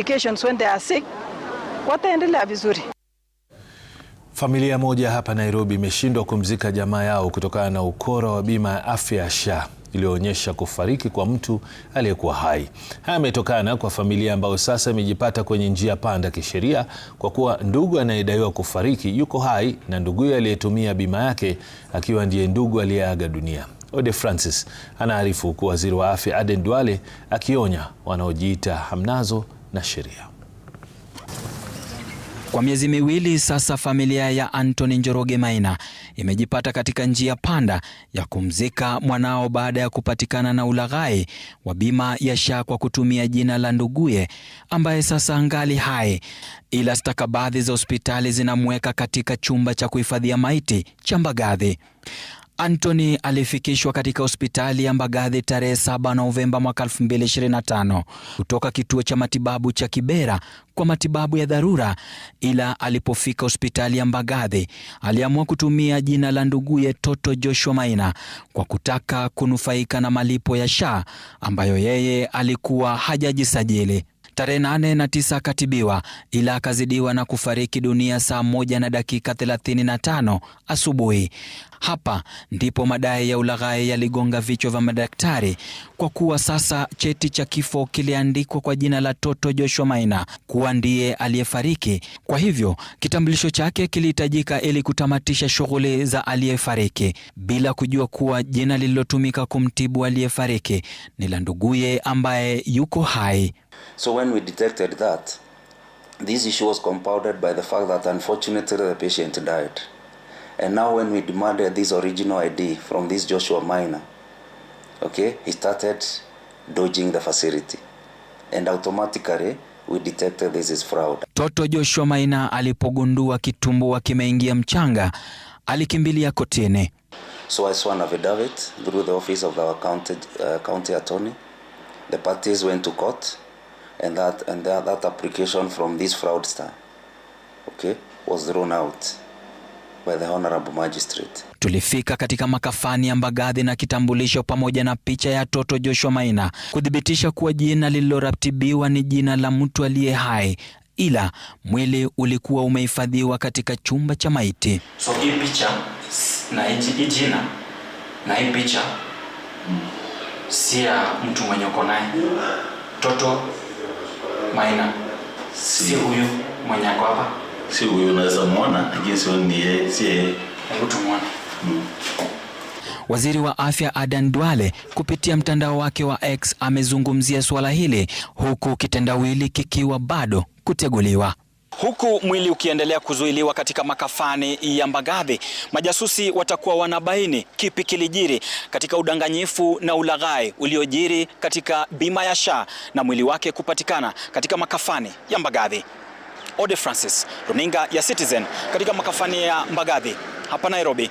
medications when they are sick, wataendelea vizuri. Familia moja hapa Nairobi imeshindwa kumzika jamaa yao kutokana na ukora wa bima ya afya ya SHA iliyoonyesha kufariki kwa mtu aliyekuwa hai. Haya ametokana kwa familia ambayo sasa imejipata kwenye njia panda kisheria kwa kuwa ndugu anayedaiwa kufariki yuko hai na nduguye aliyetumia bima yake akiwa ndiye ndugu aliyeaga dunia. Ode Francis anaarifu huku waziri wa afya Aden Duale akionya wanaojiita hamnazo na sheria. Kwa miezi miwili sasa, familia ya Anthony Njoroge Maina imejipata katika njia panda ya kumzika mwanao baada ya kupatikana na ulaghai wa bima ya SHA kwa kutumia jina la nduguye ambaye sasa angali hai, ila stakabadhi za hospitali zinamweka katika chumba cha kuhifadhia maiti cha Mbagathi. Anthony alifikishwa katika hospitali ya Mbagathi tarehe 7 Novemba mwaka 2025 kutoka kituo cha matibabu cha Kibera kwa matibabu ya dharura, ila alipofika hospitali ya Mbagathi aliamua kutumia jina la nduguye Toto Joshua Maina kwa kutaka kunufaika na malipo ya SHA ambayo yeye alikuwa hajajisajili. Tarehe nane na tisa akatibiwa ila akazidiwa na kufariki dunia saa moja na dakika 35 asubuhi. Hapa ndipo madai ya ulaghai yaligonga vichwa vya madaktari, kwa kuwa sasa cheti cha kifo kiliandikwa kwa jina la Toto Joshua Maina kuwa ndiye aliyefariki. Kwa hivyo kitambulisho chake kilihitajika ili kutamatisha shughuli za aliyefariki, bila kujua kuwa jina lililotumika kumtibu aliyefariki ni la nduguye ambaye yuko hai. So when we detected that, this issue was compounded by the fact that unfortunately the patient died. And now when we demanded this original ID from this Joshua Minor, okay, he started dodging the facility. And automatically we detected this is fraud. Toto Joshua Maina alipogundua kitumbua kimeingia mchanga alikimbilia kotini. So I swore an affidavit through the office of our county, uh, county attorney. The parties went to court and that and that, that application from this fraudster okay was thrown out by the honorable magistrate. Tulifika katika makafani ya mbagadhi na kitambulisho pamoja na picha ya toto Joshua Maina kuthibitisha kuwa jina lililoratibiwa ni jina la mtu aliye hai, ila mwili ulikuwa umehifadhiwa katika chumba cha maiti. So hii picha na hii jina na hii picha mm. si ya mtu mwenye uko naye toto Maina si huyu mwenye ako hapa, si huyu. Unaweza mwona lakini sio ni yeye, si yeye. Hebu tumwone Hmm. Waziri wa Afya Adan Duale kupitia mtandao wake wa X amezungumzia suala hili huku kitendawili kikiwa bado kuteguliwa huku mwili ukiendelea kuzuiliwa katika makafani ya Mbagathi. Majasusi watakuwa wanabaini kipi kilijiri katika udanganyifu na ulaghai uliojiri katika bima ya SHA na mwili wake kupatikana katika makafani ya Mbagathi. Ode Francis, runinga ya Citizen, katika makafani ya Mbagathi hapa Nairobi.